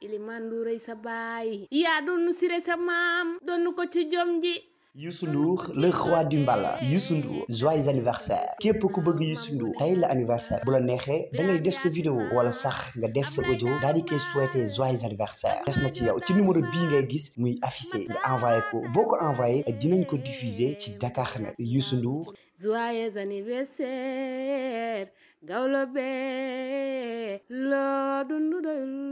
Iliman Ndouré sa baay yaa doon siré sa maam doon ko ci jom ji Youssou Ndour le roi du mbala Youssou Ndour joyeux anniversaire képp ku bëgg Youssou Ndour tey la anniversaire bu la neexee dangay def si vidéo wala sax nga def sa audio daal di koy souhaiter joyeux anniversaire na ci yow ci numéro bii ngay gis muy affiché nga envoyé ko boo ko envoyé dinañ ko diffuser ci Dakar nag Youssou Ndour joyeux anniversaire gawlo bee loo